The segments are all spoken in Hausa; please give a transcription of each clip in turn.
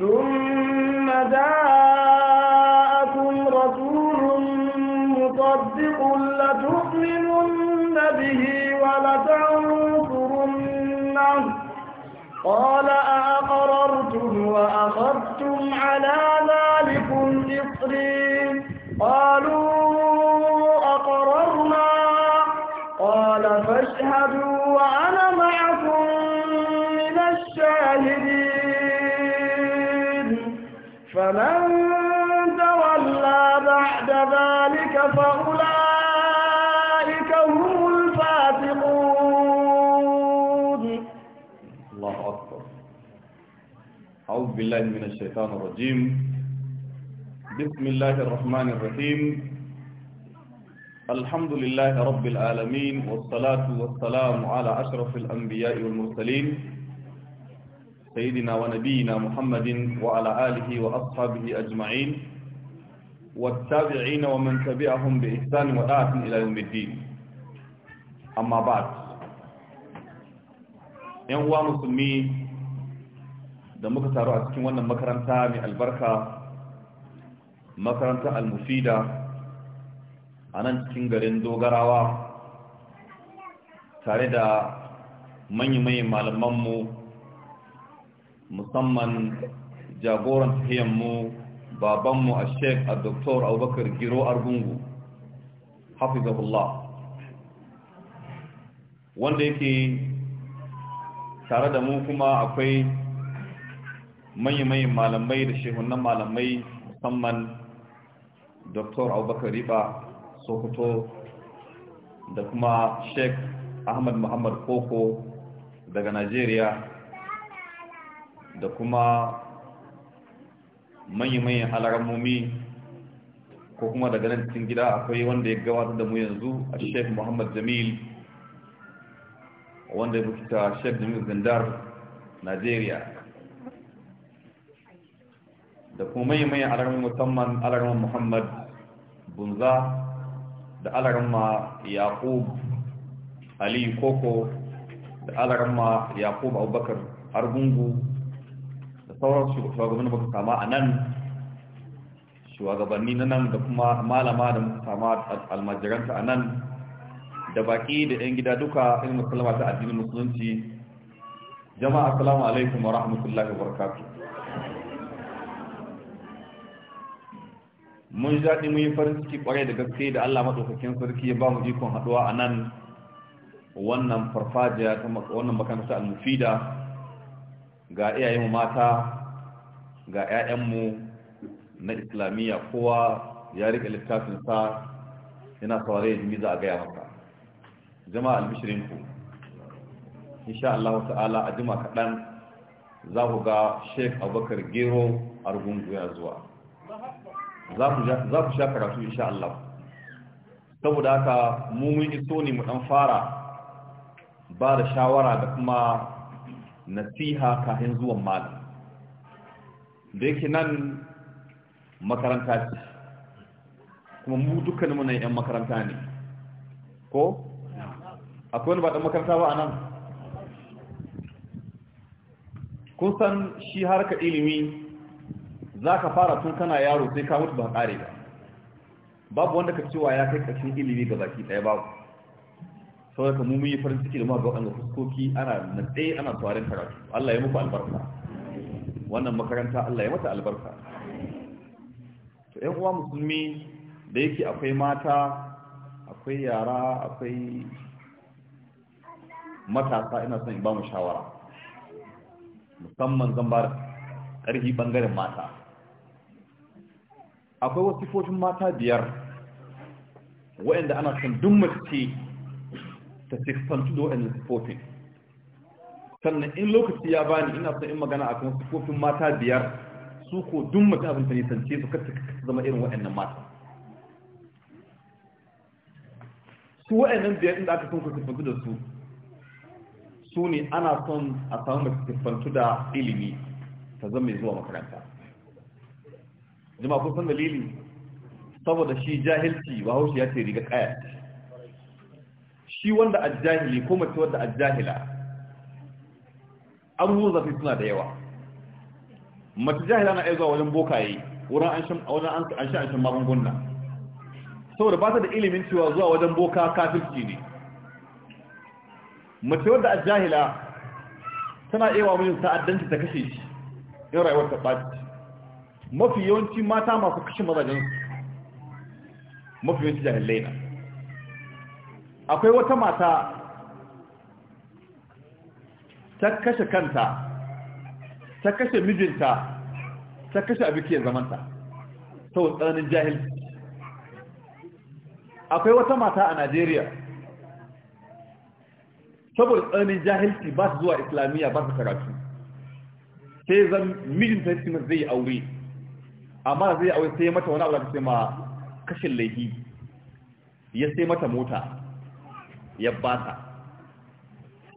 ثم جاءكم رسول مصدق لتؤمنن به ولتنصرنه قال أأقررتم وأخذتم على فمن تولى بعد ذلك فأولئك هم الفاسقون الله أكبر أعوذ بالله من الشيطان الرجيم بسم الله الرحمن الرحيم الحمد لله رب العالمين والصلاة والسلام على أشرف الأنبياء والمرسلين سيدنا ونبينا محمد وعلى آله وأصحابه أجمعين والتابعين ومن تبعهم بإحسان ودعاة إلى يوم الدين أما بعد ينوى مسلمي da muka taru a cikin wannan makaranta mai albarka makaranta almufida, mufida a nan cikin garin dogarawa tare da manyan manyan malamanmu musamman jagoran mu babanmu a sheik a doktor abubakar giro argungu hafizahullah wanda yake tare da mu kuma akwai manya-manyan malamai da shehunan malamai musamman doktor abubakar riba sokoto da kuma sheik ahmad muhammad koko daga najeriya da kuma manyan alarammomi ko kuma daga nan cikin gida akwai wanda ya gabatar da mu yanzu a sheikh muhammad jamil wanda ya bukita sheikh jamil zandar nigeria da kuma manyan alarammomi musamman alaramman muhammad bunza da alaramma yaqub ali koko da alaramma yaqub abubakar argungu sauran shugabannin muka sama a nan shugabanni na nan da kuma malama da muka sama almajiranta a nan da baki da 'yan gida duka in musulma ta addinin musulunci jama'a salamu alaikum wa rahmatullahi wa barakatu mun zaɗi mun yi farin ciki ƙwarai da gaske da Allah maɗaukakin sarki ya ba mu ikon haɗuwa a nan wannan farfajiya ta wannan makaranta al-mufida ga iyayenmu mata ga 'ya'yanmu na islamiyya kowa ya rike littafinsa yana saurare ya jimi za a gaya maka jama'a albishirinku insha Allah ta'ala a jima kaɗan za ku ga sheik abubakar gero a rugungu ya zuwa za ku sha karatu insha Allah saboda haka mun iso ne mu ɗan fara ba da shawara da kuma nasiha kafin zuwan malam da yake nan makaranta ce kuma mu dukkaninmu na 'yan makaranta ne ko? akwai wani ba ɗan makaranta ba a nan kun san shi harka ilimi za ka fara tun kana yaro sai ka mutu ba ƙare ba babu wanda ka cewa ya kai ƙarshen ilimi ga baki ɗaya babu saboda mu mun yi farin ciki da ma ga wannan fuskoki ana natse ana tsawarin karatu Allah ya muku albarka wannan makaranta Allah ya mata albarka to ƴan uwa musulmi da yake akwai mata akwai yara akwai matasa ina son in ba mu shawara musamman zan ba ƙarfi ɓangaren mata akwai wasu sifofin mata biyar waɗanda ana son duk mace ta siffantu da waɗannan siffofin sannan in lokaci ya bani ina son in magana a kan siffofin mata biyar su ko dun mutum abin ta nisance su kasta zama irin waɗannan mata su waɗannan biyar inda aka son ku siffantu da su su ne ana son a samu da siffantu da ilimi ta zama zuwa makaranta jama'a kun san dalili saboda shi jahilci ba haushi ya ce riga kaya shi wanda ajahili ko mace wanda ajahila abubuwan zafi suna da yawa mace jahila na iya zuwa wajen bokaye wurin an sha anshin magunguna saboda ba ta da ilimin cewa zuwa wajen boka kafirci ne mace wadda a jahila tana iya wa mijin ta'addanci ta kashe shi in rayuwar ta ɓaci mafi yawanci mata masu kashe mazajen mafi yawanci jahilai na akwai wata mata ta kashe kanta ta kashe mijinta ta kashe abikiyar zamanta sau tsananin jahil akwai wata mata a najeriya saboda tsananin jahilci ba su zuwa islamiyya ba su karatu sai zan mijinta ya zai aure amma zai aure sai mata wani abu da ta sai ma kashin laifi ya sai mata mota ya bata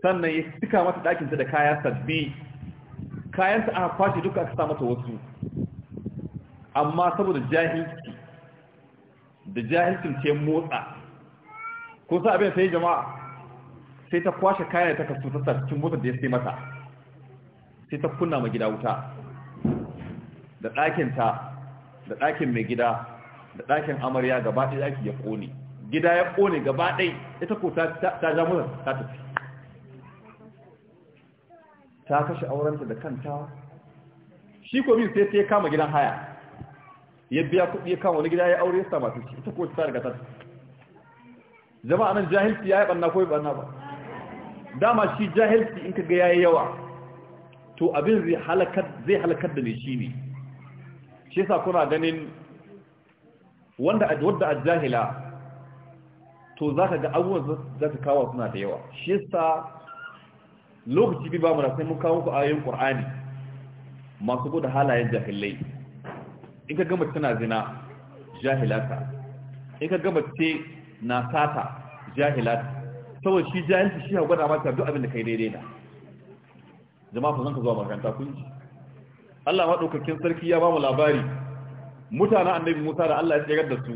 sannan ya cika mata ɗakinta da kaya sabbi kayanta aka kwashe duka aka sa mata wasu amma saboda jahilci da jahilcin ce motsa ko sa abin sai jama'a sai ta kwashe kayan ta kasu ta cikin motar da ya sai mata sai ta kunna ma gida wuta da ɗakinta da ɗakin mai gida da ɗakin amarya gaba ɗaya ya ƙone gida ya kone gaba ɗai ita ko ta ja mura ta tafi ta kashe aurenta da kanta shi ko biyu sai ta kama gidan haya ya biya kuɗi ya kama wani gida ya aure ya sama su ita ko ta riga ta jama'a nan jahilci ya yi ɓanna ko yi ɓanna ba dama shi jahilci in ka ga ya yi yawa to abin zai halakar da ne shi ne shi sa kuna ganin wanda a jahila to za ka ga abubuwan za ka kawo suna da yawa shi sa lokaci bi ba mu sai mun kawo ku ayoyin qur'ani masu gudu halayen jahilai in ka gama tana zina jahilata in ka gama ce na sata jahilata saboda shi jahilci shi ha gwada mata duk abin da kai daidai na jama'a ku zan ka zuwa makaranta kun ji Allah maɗaukakin sarki ya ba mu labari mutanen annabi Musa da Allah ya tsayar da su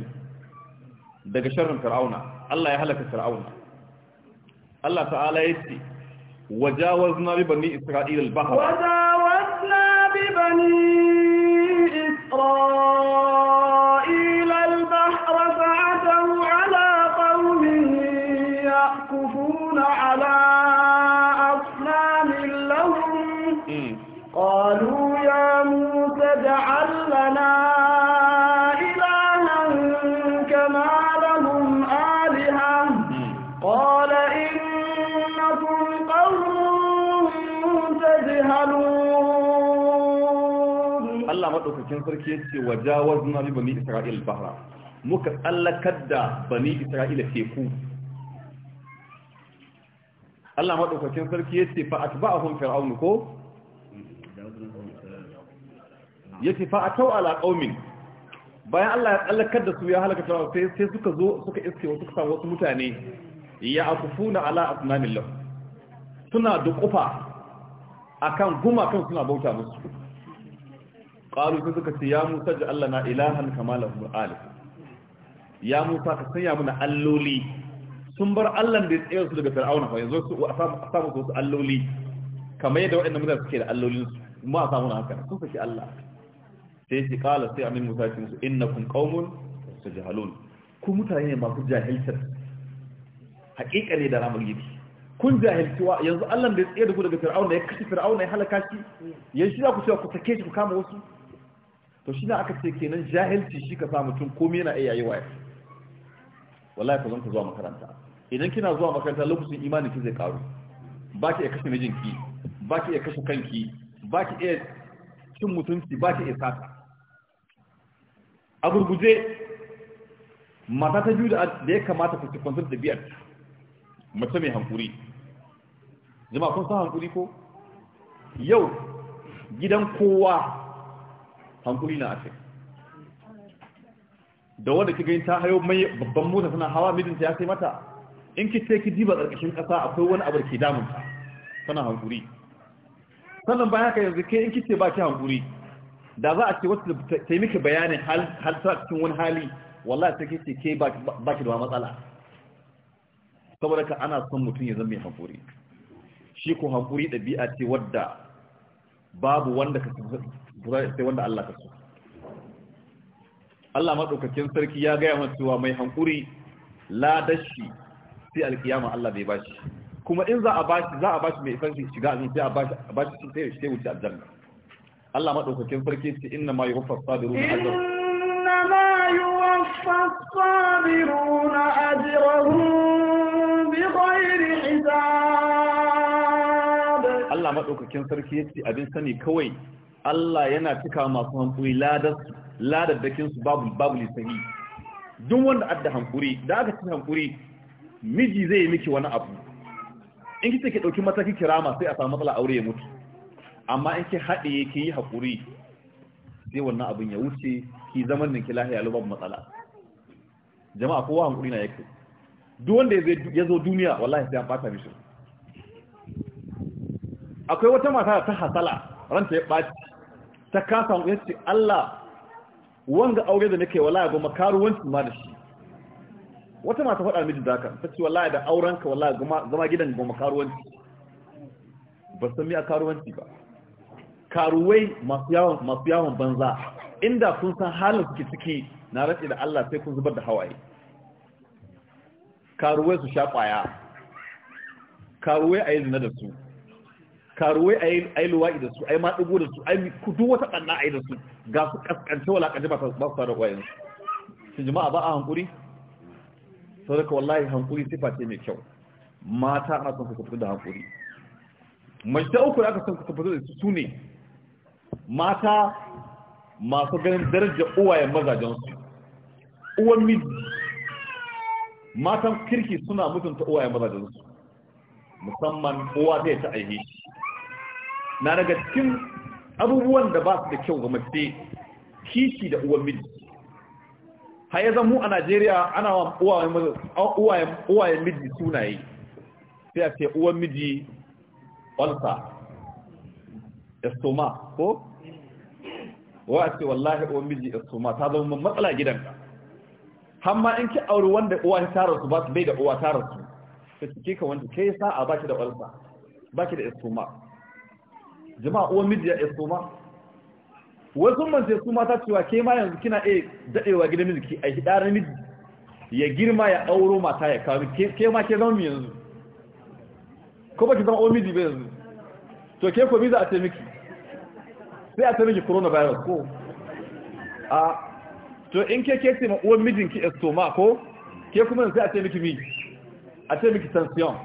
daga sharrin fir'auna Allah ya halaka fir'auna Allah ta'ala ya ce wajawazna bi bani isra'ila al-bahr wajawazna bi bani isra'ila madaukakin sarki ya ce wajawar jawazna bi bani isra'il bahra muka tsallakar da bani isra'ila teku Allah madaukakin sarki ya ce ba a atba'ahum fir'aun ko yace fa atau ala qaumin bayan Allah ya tsallakar da su ya halaka fir'aun sai suka zo suka iske wasu suka wasu mutane ya akufuna ala asnamillah suna a kan guma kan suna bauta musu qalu sai suka ce ya Musa ja Allah na ilahan kama lahum alif ya Musa ka sanya mana alloli sun bar Allah da ya tsaya su daga Fir'auna fa yanzu su a samu su alloli kamar yadda waɗannan mutane suke da allolin su kuma a samu na haka sun saki Allah sai shi kala sai amin Musa ce musu innakum qaumun tajhalun ku mutane ne masu jahiltar haƙiƙa ne da ramar gidi kun jahilci wa yanzu Allah da ya tsaye da ku daga Fir'auna ya kashe Fir'auna ya halaka shi yanzu za ku cewa ku sake shi ku kama wasu to shi ne aka ce kenan jahilci shi ka sa mutum komai yana iya yi waye wallahi ka zanta zuwa makaranta idan kina zuwa makaranta lokacin imanin ki zai karu ba ki iya kashe mijinki ba ki iya kashe kanki ba ki iya cin mutunci ba ki iya sata a gurguje mata ta biyu da ya kamata ku kwantar da biyar mace mai hankuri jama'a kun san hankuri ko yau gidan kowa hankuri na akai da wanda kiga ta hayo mai babban mota tana hawa mijinta ya sai mata in ki sai ki diba karkashin kasa akwai wani abu ke damun ta tana hankuri sannan bayan haka yanzu ke in ki ce ba ki hankuri da za a ce wata ta yi miki bayanin hal ta cikin wani hali wallahi sai ke ce ke ba ki da matsala saboda ka ana son mutum ya zama mai hankuri shi ko hankuri ɗabi'a ce wadda babu wanda ka sai wanda Allah ka so Allah madaukakin sarki ya gaya mana cewa mai hankuri ladashi sai alkiyama Allah bai bashi kuma in za a bashi za a bashi mai ifanci shiga azin sai a bashi a bashi sai sai wuce aljanna Allah madaukakin sarki ce inna ma yuwaffa sabiruna ajrahum inna ma yuwaffa sabiruna ajrahum bighairi hisab Allah madaukakin sarki yace abin sani kawai Allah yana cika masu hankuri ladaddakin su babu babu lisani duk wanda adda hankuri da aka ci hankuri miji zai yi miki wani abu in ki take dauki mataki kirama sai a samu matsala aure ya mutu amma in ki haɗe ki yi hakuri sai wannan abin ya wuce ki zaman nan ki lahiya babu matsala jama'a kowa hankuri na yake duk wanda ya zo duniya wallahi sai an fata mishi akwai wata mata ta hasala ranta ya ɓaci ta kasa mu yace Allah wanga aure da nake wallahi goma karuwanci ma da shi wata mata faɗa miji da haka ta ce wallahi da aurenka wallahi zama gidan goma karuwanci ba san mi a karuwanci ba karuwai masu yawon banza inda kun san halin suke ciki na ratse da Allah sai kun zubar da hawaye karuwai su sha kwaya karuwai a yi zina da su karuwai a yi luwa'i da su a yi maɗigo da su a yi kudu wata ɓanna a yi da su ga su ƙasƙanci wa laƙaji ba su tare ƙwayan su jima'a ba a hankuri sau da wallahi hankuri sifa ce mai kyau mata ana son kusurfi da hankuri mace ta uku da aka son kusurfi da su ne mata masu ganin darajar uwayen mazajensu uwan miji matan kirki suna mutunta uwayen mazajensu musamman kowa zai ta aihe na daga cikin abubuwan da ba su da kyau ga mace kishi da uwan miji har ya zan mu a Najeriya ana wa uwayen miji sunaye sai a ce uwan miji olsa estoma ko wa a ce wallahi uwan miji estoma ta zama matsala gidanka hamma in ki auri wanda uwa ta rasu ba su bai da uwa ta rasu ta cike ka wanda ke sa'a ba da ƙwarsa baki da istoma jama'a uwan mijiya istoma wasu man sai su mata cewa ke ma yanzu kina iya daɗewa gidan miji a hidar miji ya girma ya auro mata ya kawo ke ma ke zama yanzu ko ba ki zama uwan miji ba yanzu to ke ko biza a ce miki sai a ce miki coronavirus ko a to in ke ke ce ma uwan mijinki estoma ko ke kuma sai a ce miki miji a ce miki siyon?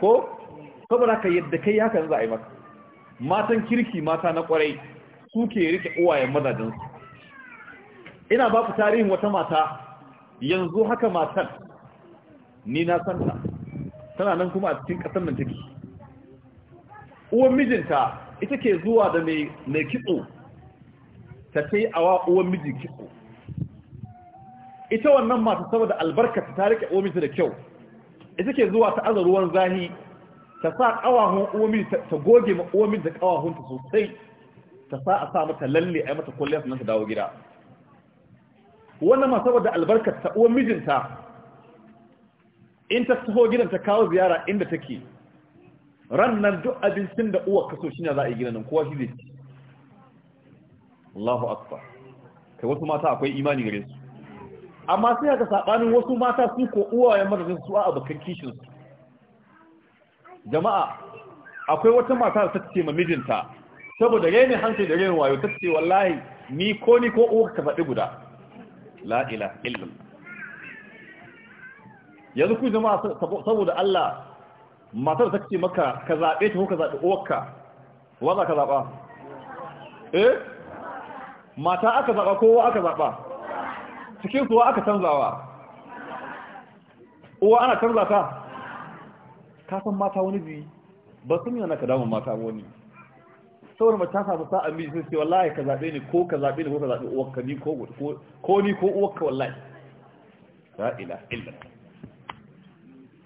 ko saboda ka yadda kai haka za a yi maka matan kirki mata na kwarai suke rike uwayen mazajensu ina ba ku tarihin wata mata yanzu haka matan ni na santa tana nan kuma a cikin kasar nan take uwan mijinta ita ke zuwa da mai kitso ta ce awa uwan miji kitso ita wannan mata saboda albarka ta rike uwan miji da kyau ita ke zuwa ta aza ruwan zahi ta sa ƙawahun uwamid ta goge ma uwamid da ta sosai ta sa a sa mata lalle a yi mata kwalliya sannan ta dawo gida wannan ma saboda albarkar ta uwan mijinta in ta taho gidan ta kawo ziyara inda take ran nan duk abincin da uwa kaso shine za a yi gidan nan kowa shi zai ci Allahu akbar kai wasu mata akwai imani gare su amma sai aka sabanin wasu mata su ko uwayen mazajen su a bakan kishin su jama'a akwai wata mata da ta ce ma mijinta saboda rainin hankali da rainin wayo ta ce wallahi ni ko ni ko uwa ka fadi guda la ila illam yanzu ku jama'a saboda Allah matar ta ce maka ka zaɓe ta ko ka zaɓi uwarka wa za ka zaɓa eh mata aka zaɓa kowa aka zaɓa cikin suwa aka canzawa uwa ana canza ta kasan mata wani bi ba sun yana ka damun mata wani saboda mata samu sa'a miji sai ce wallahi ka zaɓe ni ko ka zaɓe ni ko ka zaɓe uwarka ni ko ni ko uwarka wallahi la ila illa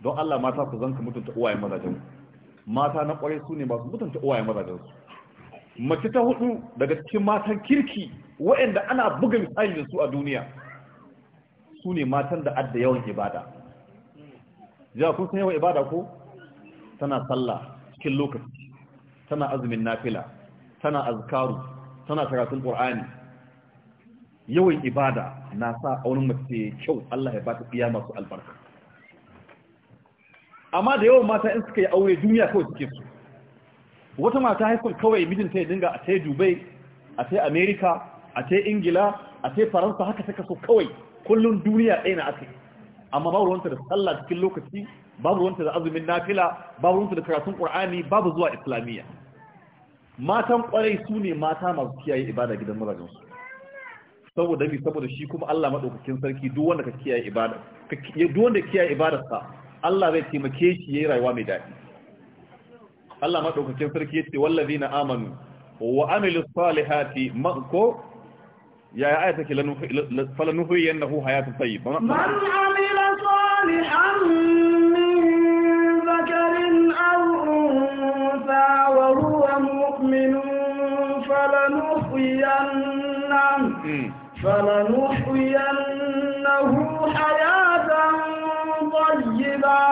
don Allah mata ku zanka mutunta uwayen mazajen mata na ƙwarai su ne masu mutunta uwayen mazajen su mace ta hudu daga cikin matan kirki waɗanda ana buga misali da su a duniya su ne matan da adda yawan ibada jiya kun san yawan ibada ko tana sallah cikin lokaci tana azumin nafila tana azkaru tana karatun qur'ani yawan ibada na sa aunin mace kyau Allah ya ba ta iya masu albarka amma da yawan mata in suka yi aure duniya kawai suke su wata mata haifar kawai mijinta ya dinga a ta'i dubai a ta'i america a ta'i ingila a ta'i faransa haka ta kaso kawai kullum duniya ɗaya na aka amma babu ruwanta da sallah cikin lokaci babu ruwanta da azumin nafila babu ruwanta da karatun qur'ani babu zuwa islamiyya matan kwarai su ne mata masu kiyaye ibada gidan mazajensu saboda bi saboda shi kuma Allah madaukakin sarki duk wanda ka kiyaye ibada duk wanda kiyaye ibadarsa Allah zai taimake shi ya yi rayuwa mai daɗi Allah madaukakin sarki ya ce yace na amanu wa amilus salihati ko. يا آية تكي فلنحيينه حياة طيبة من عمل صالحا من ذكر أو أنثى وهو مؤمن فلنحيينه فلنحيينه حياة طيبة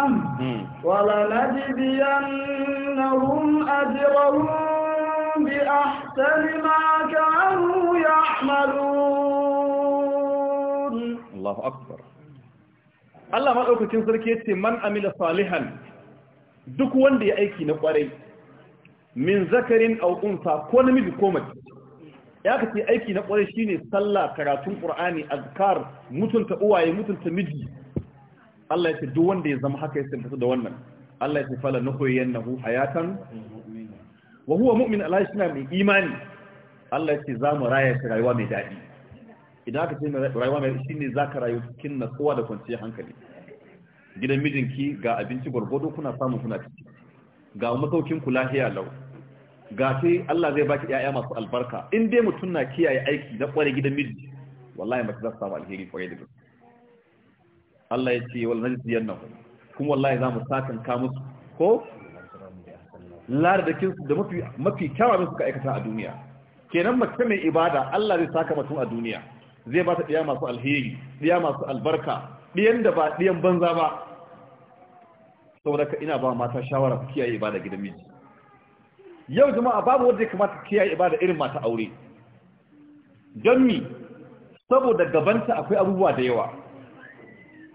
ولنجزينهم أجرهم بأحسن ما كانوا كانوا يعملون الله أكبر Allah maɗaukacin sarki ya ce man amila salihan duk wanda ya aiki na ƙwarai min zakarin auƙunsa ko namiji ko mace ya ka aiki na ƙwarai shine sallah karatun ƙur'ani azkar mutunta uwaye mutunta miji Allah ya ce duk wanda ya zama haka ya sintasa da wannan Allah ya ce nuhu mu'min Allah shi mai imani Allah ya ce za mu raya ta rayuwa mai daɗi idan aka ce rayuwa mai shi ne za ka rayu cikin natsuwa da kwanciyar hankali gidan mijinki ga abinci gwargwado kuna samun kuna ciki ga masaukin kula lahiya lau ga sai Allah zai baki ƴaƴa masu albarka in dai mutum na kiyaye aiki na kware gidan miji wallahi mace za ta samu alheri kwarai da gaske Allah ya ce wal najzi nan. kun wallahi za mu sakan ka musu ko lar da mafi mafi kyawawan suka aikata a duniya kenan mace mai ibada Allah zai saka mutum a duniya zai ba ta diya masu alheri diya masu albarka diyan da ba diyan banza ba saboda ka ina ba mata shawara ku kiyaye ibada gidan miji yau jama'a babu wanda ya kamata kiyaye ibada irin mata aure don mi saboda gabanta akwai abubuwa da yawa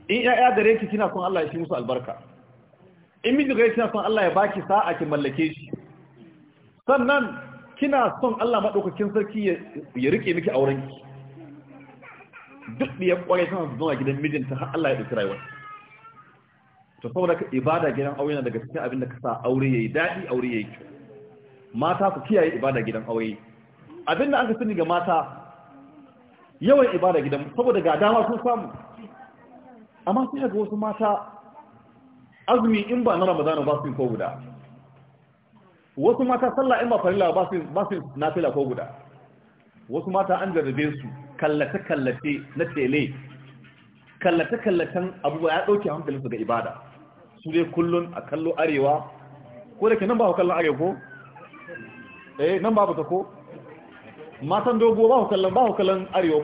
in ya'ya gare ki kina son Allah ya shi musu albarka in miji gare kina son Allah ya baki sa'a ki mallake shi sannan kina son Allah maɗaukakin sarki ya rike miki auren ki duk da ya kwaye tana zuwa gidan ta har Allah ya ɗauki rayuwar to saboda ka ibada gidan aure na daga cikin abin da ka sa aure yayi daɗi aure yayi kyau mata ku kiyaye ibada gidan aure abin da aka sani ga mata yawan ibada gidan saboda ga dama sun samu amma sai ga wasu mata azumi in ba na Ramadan ba su yi ko guda wasu mata sallah in ba farilla ba su ba su nafila ko guda wasu mata an jarrabe su kallata kallace na tele kallata kallatan abubuwa ya dauke hankalin su ga ibada su dai kullun a kallo arewa ko da ke nan ba ku kallon arewa ko eh nan ba ta ko matan dogo ba ku kallon ba ku kallon arewa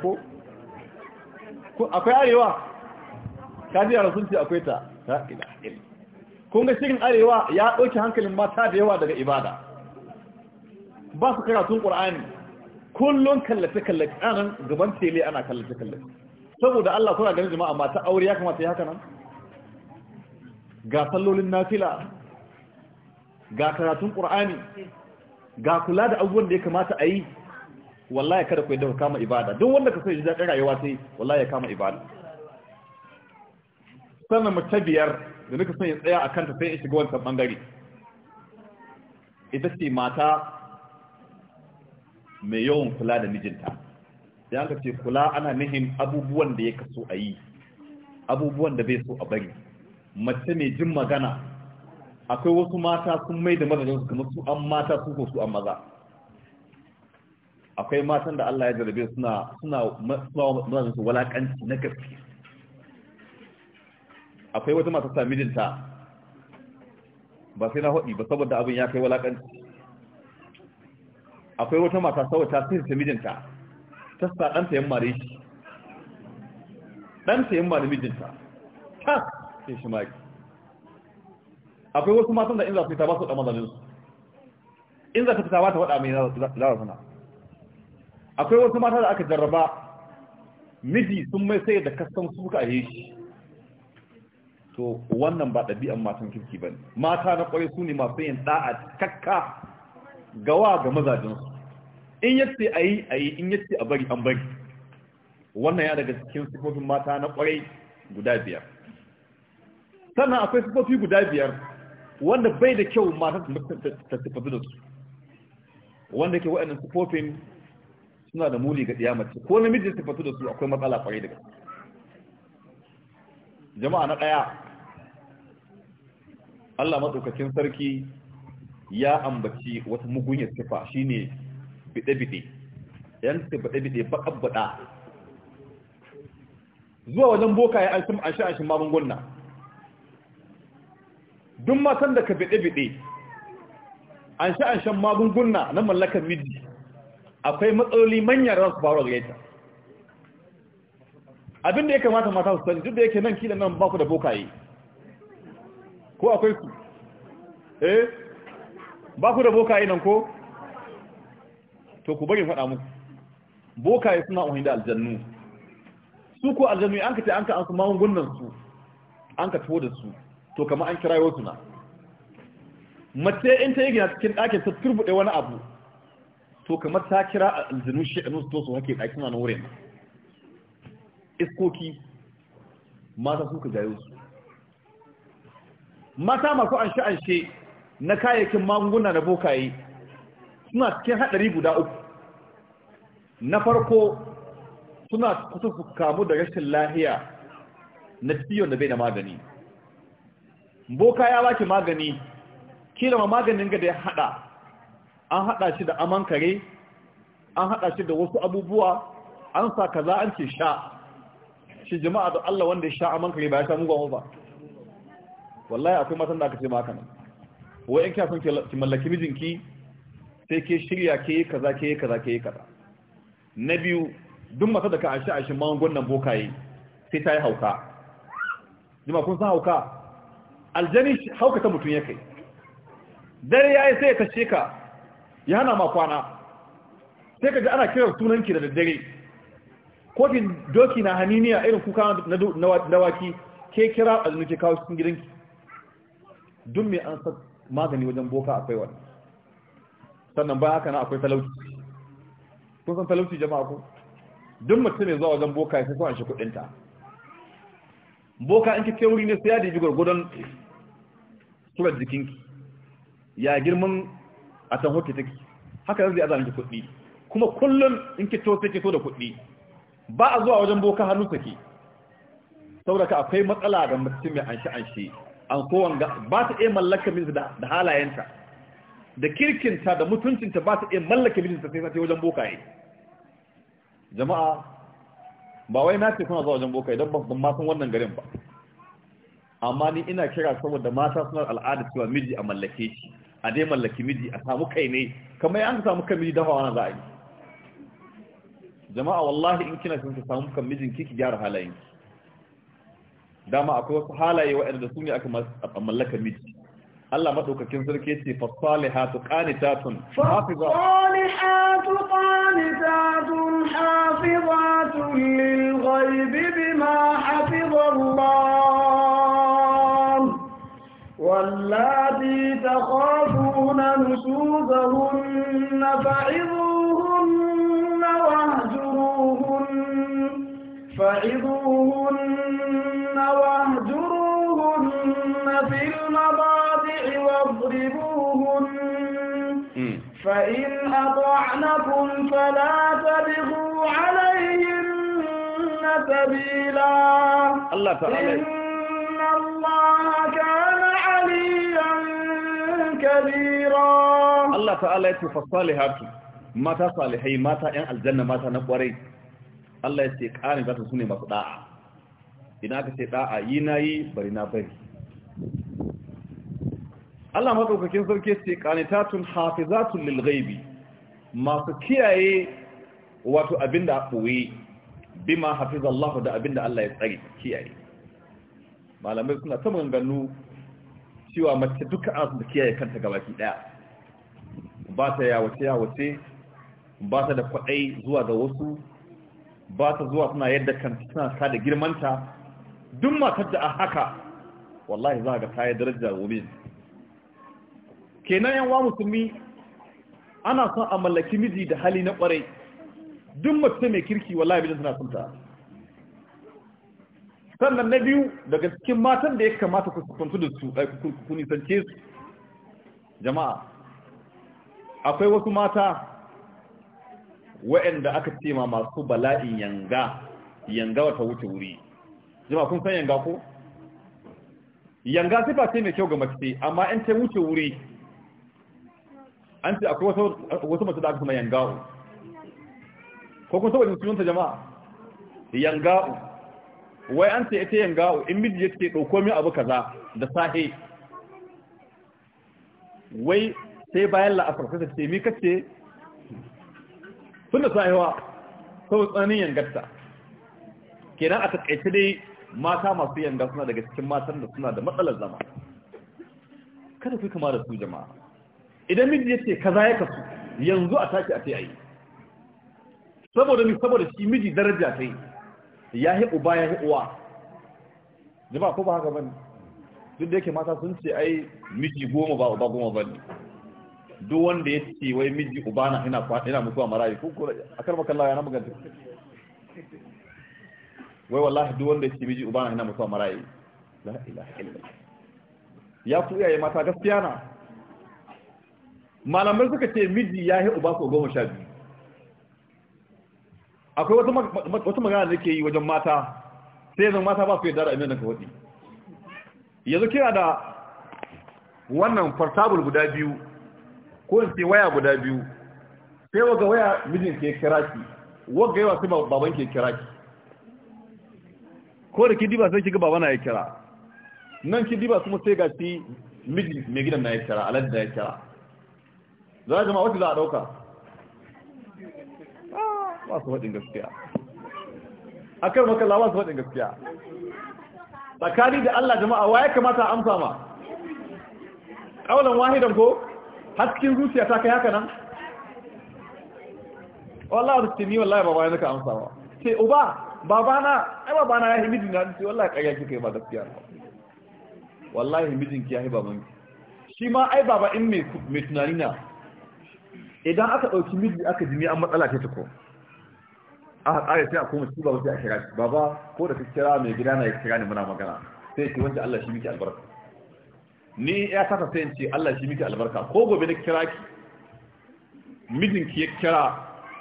ko akwai arewa kaji yaran sun ce akwai ta ta ila ila kun ga shirin arewa ya ɗauki hankalin mata da yawa daga ibada ba su karatun ƙura'ani kullum kallace-kallace anan gaban tele ana kallace-kallace saboda Allah kuna ganin jama'a mata aure ya kamata ya haka nan ga sallolin nafila ga karatun ƙura'ani ga kula da abubuwan da ya kamata a yi wallahi kada ku yadda kama ibada duk wanda ka so ya ji daɗin rayuwa sai wallahi ya kama ibada sannan mu ta biyar da nika son ya tsaya a kanta sai ya shiga wancan bangare ita ce mata mai yawan kula da mijinta ya ka ce kula ana nihin abubuwan da ya kaso a yi abubuwan da bai so a bari mace mai jin magana akwai wasu mata sun mai da su kamar su an mata su ko su an maza akwai matan da Allah ya jarabe suna suna suna su walakanci na gaske akwai wata masu sa mijinta ba sai na haɗi ba saboda abin ya kai walakanci akwai wata mata sauta sai ta mijinta ta sa ɗanta yin mare shi ɗanta yin mare mijinta ta sai shi maki akwai wasu matan da in za su yi ta ba su ɗama zanen su in za ta fita ba ta waɗa mai zara sana akwai wasu mata da aka jarraba miji sun mai sai da kasan suka a yi shi to wannan ba ɗabi'an matan kirki ba mata na ƙwarai su ne masu yin ɗa'a kakka gawa ga mazajensu in yadda a yi a yi in yadda a bari an bari wannan ya daga cikin sifofin mata na ƙwarai guda biyar sannan akwai sifofi guda biyar wanda bai da kyau mata ta sifatu da su wanda ke waɗannan sifofin suna da muli ga ɗiyamaci ko namiji sifatu da su akwai matsala ƙwarai daga jama'a na ɗaya Allah madaukakin sarki ya ambaci wata mugunyar sifa shine bide-bide yan ta bide-bide bakabbada zuwa wajen boka ya alfim an sha'ashin magunguna duk matan da ka bide-bide an sha'ashin magunguna na mallakar miji akwai matsaloli manyan ran su faru gaita abinda ya kamata mata su sani duk da yake nan kila nan baku da bokaye ko akwai ku eh ba ku da bokaye nan ko to ku bari faɗa muku bokaye suna ohin da aljannu su ko aljannu an ka ce an ka an su magungunan su an ka tuwo da su to kamar an kirayo su na mace in ta yi gina cikin ɗakin ta turbuɗe wani abu to kamar ta kira shi shi'anu su to su hake ɗakin na wurin iskoki mata su ka jayo su mata masu anshe-anshe na kayayyakin magunguna na bokaye suna cikin haɗari guda uku na farko suna kusa kamu da rashin lahiya na ciwon da bai da magani boka ya baki magani kila ma maganin ga da ya haɗa an haɗa shi da aman kare an haɗa shi da wasu abubuwa an sa kaza an ce sha shi jama'a da Allah wanda ya sha aman kare ba ya samu gwamnati ba wallahi akwai matan da aka ce maka nan wai in kya son ki mallaki mijinki sai ke shirya ke yi kaza ke yi kaza ke yi kaza na biyu duk matan da ka ashi ashi magungunan bokaye sai ta yi hauka jima kun san hauka aljani hauka ta mutum ya kai dare ya yi sai ya kashe ka ya hana ma kwana sai ka ji ana kiran sunanki da daddare kofin doki na haniniya irin kuka na dawaki ke kira azumin ke kawo cikin gidanki duk mai an sa magani wajen boka akwai wani sannan ba haka na akwai talauci kun san talauci jama'a ku duk mutum mai zuwa wajen boka ya sai kwanci kudinta boka in kike wuri ne sai ya godon tura jikin jikinki ya girman a can hoki take haka yanzu ya zama ki kuɗi kuma kullum in ki to sai ki so da kuɗi ba a zuwa wajen boka hannu take saboda akwai matsala ga mutum mai anshi anshi an kowan ba ta iya mallaka mijinta da halayenta da kirkinta da mutuncinta ba ta iya mallaka mijinta sai ta wajen bokaye jama'a ba wai na ce kuna zuwa wajen bokaye don ban ma san wannan garin ba amma ni ina kira saboda mata suna al'ada cewa miji a mallake shi a dai mallaki miji a samu kai ne kamar an samu kan miji dafawa na za a yi jama'a wallahi in kina son ka samu kan mijin kiki gyara halayenki dama akwai wasu halaye waɗanda su ne aka mallaka miji Allah madaukakin sarki ce fasalihatu qanitatun hafizatun fasalihatu qanitatun hafizatun lil ghaibi bima hafiza Allah wallati takhafuna nusuzahunna fa'idhu فعظوهن واهجروهن في المضاجع واضربوهن فإن أطعنكم فلا تبغوا عليهن سبيلا الله تعالى إن الله كان عليا كبيرا الله تعالى يتفى الصالحات ماتا صالحي ماتا ين الجنة ماتا نقوري Allah ya ce ƙarin zata su ne masu ɗa'a ina ka ce ɗa'a yi na yi bari na bari Allah matsaukakin sarki ce ƙanitatun hafizatun lilgaibi masu kiyaye wato abin da ɓoye bima hafiz Allah da abin da Allah ya tsari kiyaye malamai suna ta maganganu cewa mace duka an da kiyaye kanta gabaki ɗaya ba ta yawace yawace ba ta da kwaɗai zuwa ga wasu ba ta zuwa suna yadda kanta suna sa da girmanta duk matar da a haka wallahi za ga ta yi darajar gobe kenan yan musulmi ana son a mallaki miji da hali na kwarai duk mace mai kirki wallahi bijin suna sunta sannan na biyu daga cikin matan da ya kamata ku kuntu da su ku nisance su jama'a akwai wasu mata wa'anda aka ce ma masu bala'in yanga yanga wata wuce wuri jima kun san yanga ko yanga ba sai mai kyau ga mace amma in ta wuce wuri an ce akwai wasu mace da aka sama yanga'u ko kun saboda musulunta jama'a Yanga. wai an ce ita yanga? in miji ya ce ɗauko min abu kaza da sahe wai sai bayan la'asar sai ta ce mi kace tun da sahiwa sau tsanin yangarta kenan a takaice dai mata masu yanga suna daga cikin matan da suna da matsalar zama kada ku kama da su jama'a idan miji ya ce kaza ya kasu yanzu a tashi a ce saboda ni saboda shi miji daraja ta yi ya hi uba ya hi uwa jama'a ko ba haka bane duk da yake mata sun ce ai miji goma ba uba goma bane duk wanda ya ce wai miji ubana ina ina mutuwa marayi ko ko a Allah ya na maganta wai wallahi duk wanda ya ce miji ubana ina mutuwa marayi la ilaha illallah ya ku iyaye mata gaskiya na malamai suka ce miji ya yi uba ko goma sha biyu akwai wata magana da ke yi wajen mata sai yanzu mata ba su yi dara amina ka waɗi yanzu kira da wannan fartabul guda biyu ko in ce waya guda biyu sai waga waya mijin ke kira ki waga yawa sai baban ke kira ki ko da ki diba sai kiga babana ya kira nan ki diba kuma sai ga mijin miji mai gidan na ya kira alad da ya kira za a jama'a wata za a dauka ba su faɗin gaskiya a kan makalla ba su faɗin gaskiya tsakani da Allah jama'a wa ya kamata amsa ma ƙaunar wahidan ko haskin zuciya ta kai haka nan wallahi rustumi wallahi baba ya naka amsa ba sai uba na ai babana ya himidin na sai wallahi kariya kike ba da ba wallahi ki ya hiba manki shi ma ai baba in me me tunani na idan aka dauki miji aka jimi an matsala ta tuko A kare sai a koma shi baba sai a kira shi baba ko da kira mai gida na ya kira ni muna magana sai ki wanda Allah shi miki albarka ni ya kasa sai ce Allah shi miki albarka ko gobe na kira ki mijinki ya kira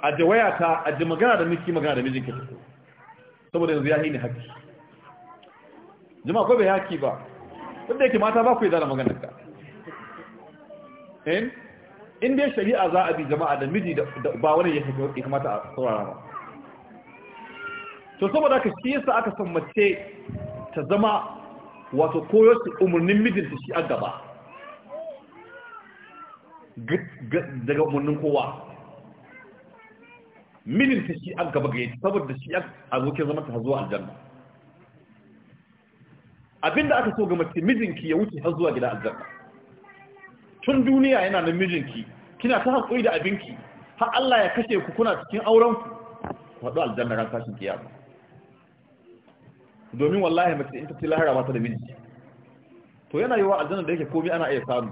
a ji wayata a ji magana da miki magana da mijinki ta saboda yanzu ya yi ni haƙƙi jama'a ko bai haƙƙi ba wanda yake mata ba ku yi da magana ka in eh? in dai shari'a za a bi jama'a da miji da ba wani ya kamata a saurara ba to saboda ka shi yasa aka san mace ta zama wato koyo umarnin mijinta shi a gaba daga umarnin kowa mijinta shi a gaba ga saboda shi a abokin zama ta zuwa aljanna abinda aka so ga mace mijinki ya wuce har zuwa gida aljanna tun duniya yana nan mijinki kina ta haƙuri da abinki har Allah ya kashe ku kuna cikin auren ku faɗo aljanna ran tashin kiyama domin wallahi mace in ta fi lahara ba da miji to yana yiwa aljanna da yake komai ana iya samu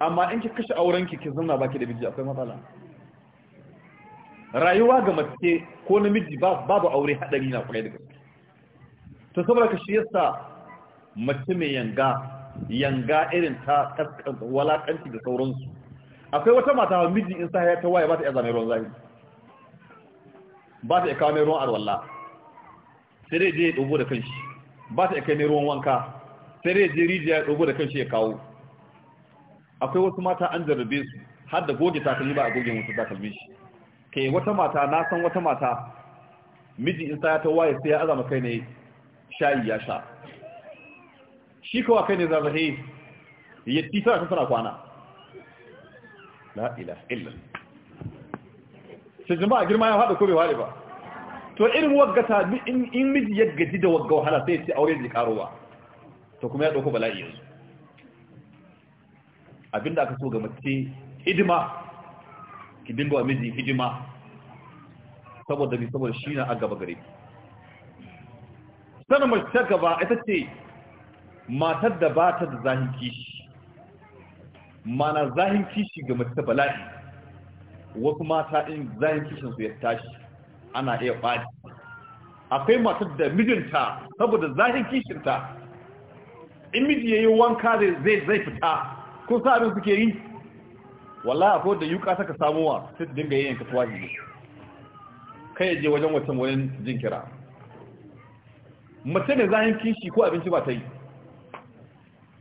amma in ki kashe auren ki ki zanna baki da miji akwai matsala rayuwa ga mace ko namiji babu aure hadari na kwarai da gaske to saboda ka shi yasa mace mai yanga yanga irin ta kaskan walakanci da sauransu akwai wata mata wa miji in sa ya ta waye ba ta iya zama ruwan zahiri ba ta iya kawo mai ruwan alwala sai dai je ya dogo da kanshi ba ta kai ne ruwan wanka sai dai je rijiya ya dogo da kanshi ya kawo akwai wasu mata an jarrabe su har da goge takalmi ba a goge musu takalmi shi kai wata mata na san wata mata miji in sa ya ta waye sai ya azama kai ne shayi ya sha shi kawai kai ne zazzahe ya tisa ta sana kwana la ilaha illa sai jama'a girma ya hada kurewa ne ba to irin waggata in miji ya gaji da wagga wahala sai ce aure zai karuwa to kuma ya dauko bala'i yanzu abinda aka so ga mace hidima ki dinga wa miji hidima saboda bi saboda shi na agaba gare sanin mace ta gaba ita ce matar da ba ta da zahin kishi mana zahin kishi ga mace bala'i wasu mata in zahin kishin su ya tashi ana iya ɓaci akwai masu da mijinta saboda zahin kishinta in miji ya yi wanka zai fita kun sa abin suke yi wallahi akwai da yuka saka samuwa sai dinga yin yanka tuwahi ne kai je wajen watan wani kira mace ne zahin kishi ko abinci ba ta yi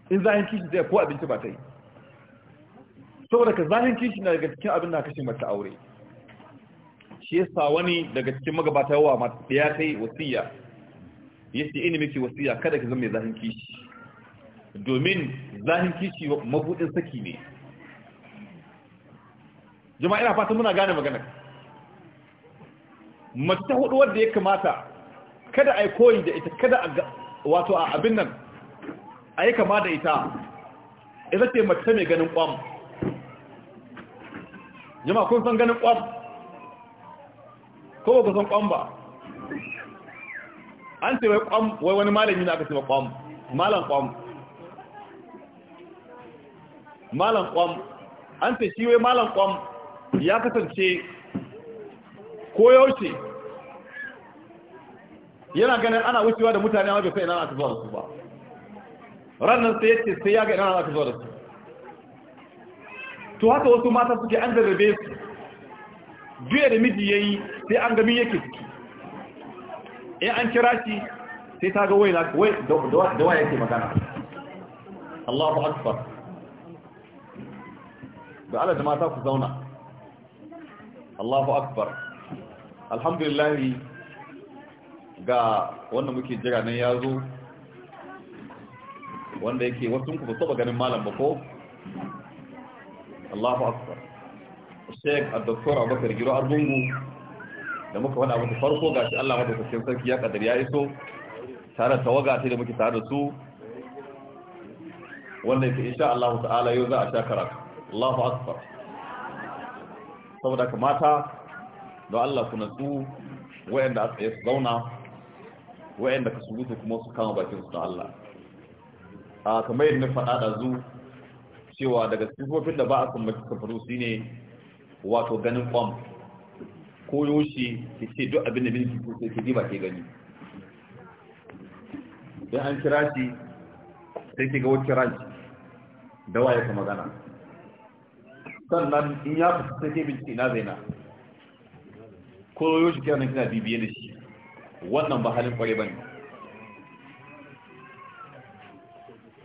in zahin kishi zai ko abinci ba ta yi saboda ka zahin kishi na daga cikin abin da kashe mace aure shi yasa wani daga cikin magabata yawa ma ya kai wasiya yace ina miki wasiya kada ki zama mai zahin kishi domin zahin kishi mabudin saki ne jama'a ina fatan muna gane magana mace ta hudu wadda ya kamata kada ai koyi da ita kada a wato a abin nan ai kama da ita ita ce mace mai ganin kwam jama'a kun san ganin kwam ko ba san kwam ba an ce wai kwam wai wani malami na aka ce ba kwam, malam kwam. malam kwam, an ce shi wai malam kwam, ya kasance koyaushe yana ganin ana wucewa da mutane wajen sai ina aka zo da su ba Rannan sai yace sai ya ga ina aka zo da su to haka wasu mata suke an zarrabe su juya da miji yayi sai an gami yake ciki in an kira shi sai ta ga wai na wai da waya yake magana Allahu akbar da Allah da ku zauna Allahu akbar alhamdulillah ga wanda muke jira nan ya zo wanda yake wasu ku ba saba ganin malam ba ko Allahu akbar Sheikh Abdul Bakar Giro Arbungu da muka faɗa muku farko gashi Allah madaukakin sarki ya kadar ya iso tare da tawaga sai da muke tare da su wannan ke insha Allah ta'ala yau za a sha karatu Allahu akbar saboda kamata don Allah ku natsu wayanda a tsaye su zauna wayanda ka surutu kuma su kama bakin su Allah a kamar yadda faɗa da zu cewa daga sifofin da ba a kuma kafaru shine wato ganin kwam koyo shi ta ce duk abin da miliki ko sai ji ba ke gani don an kira shi sai ki ga wacce ranci da waye ka magana sannan in ya fi sai ke bincike ina na koyo shi kira nan kina bibiye da shi wannan ba halin kwarai ba ne.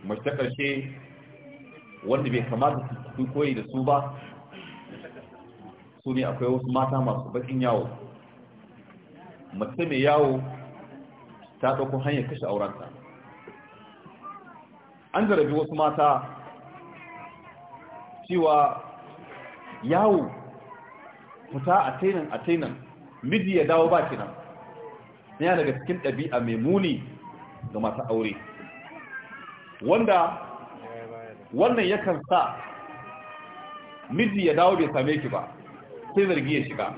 mace ta karshe wanda bai kamata su koyi da su ba su ne akwai wasu mata masu bakin yawo mace mai yawo ta ɗauko hanyar kashe aurenta an jarabi wasu mata cewa yawo fita a tainan a tainan miji ya dawo ba kinan yana daga cikin ɗabi'a mai muni ga masu aure wanda wannan yakan sa miji ya dawo bai same ki ba sai zargi ya shiga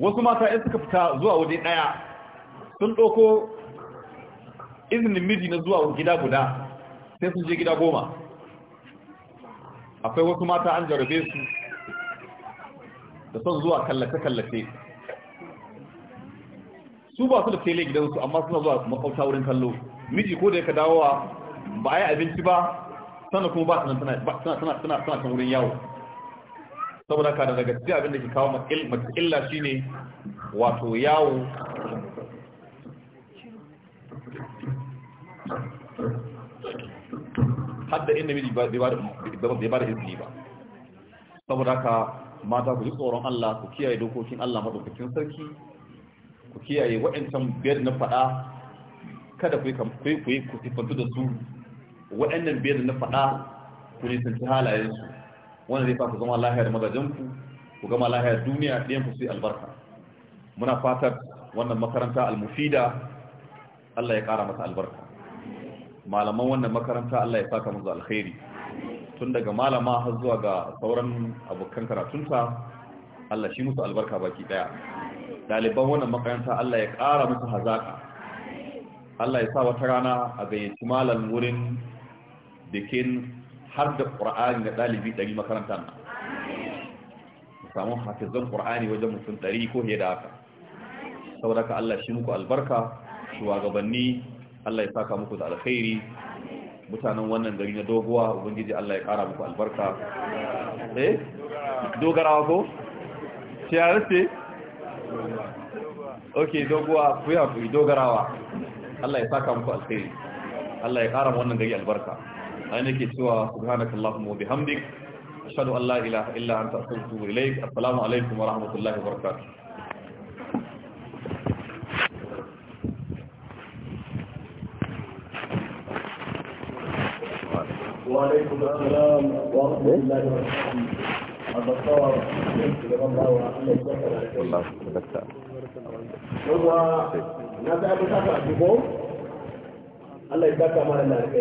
wasu mata in suka fita zuwa waje daya sun ɗauko izinin miji na zuwa gida guda sai sun je gida goma akwai wasu mata an jarabe su da son zuwa kallace-kallace su ba su da tele gidansu amma suna zuwa makauta wurin kallo miji ko da yaka dawowa ba a yi abinci ba sannan kuma ba suna suna wurin yawo saboda ka daga cikin abin da ke kawo masu illa shine wato yawo hadda inda miji bai ba da izini ba saboda ka mata ku ji tsoron Allah ku kiyaye dokokin Allah madaukakin sarki ku kiyaye waɗancan biyar na faɗa kada ku yi ku ku sifantu da su wa'annan biyar na faɗa ku nisanci halayensu wannan zai sa ku zama lahiya da ku gama lahiya duniya ɗiyan ku sai albarka muna fatar wannan makaranta almufida Allah ya ƙara masa albarka malaman wannan makaranta Allah ya saka musu alkhairi tun daga malama har zuwa ga sauran abokan karatunta Allah shi musu albarka baki daya daliban wannan makaranta Allah ya ƙara musu hazaka Allah ya sa wata rana a gayyaci malam wurin bikin har da qur'ani na ɗalibi ɗari makaranta nan mu samu hafizan qur'ani wajen mutum ɗari ko fiye da haka saboda ka Allah shi muku albarka shugabanni Allah ya saka muku da alkhairi mutanen wannan gari na doguwa ubangiji Allah ya ƙara muku albarka eh dogarawa ko ciyar ce ok doguwa ku yi haƙuri dogarawa Allah ya saka muku alkhairi Allah ya mu wannan gari albarka أنك سوى سبحانك اللهم وبحمدك أشهد أن لا إله إلا أنت أستغفرك إليك السلام عليكم ورحمة الله وبركاته وعليكم السلام ورحمة الله وبركاته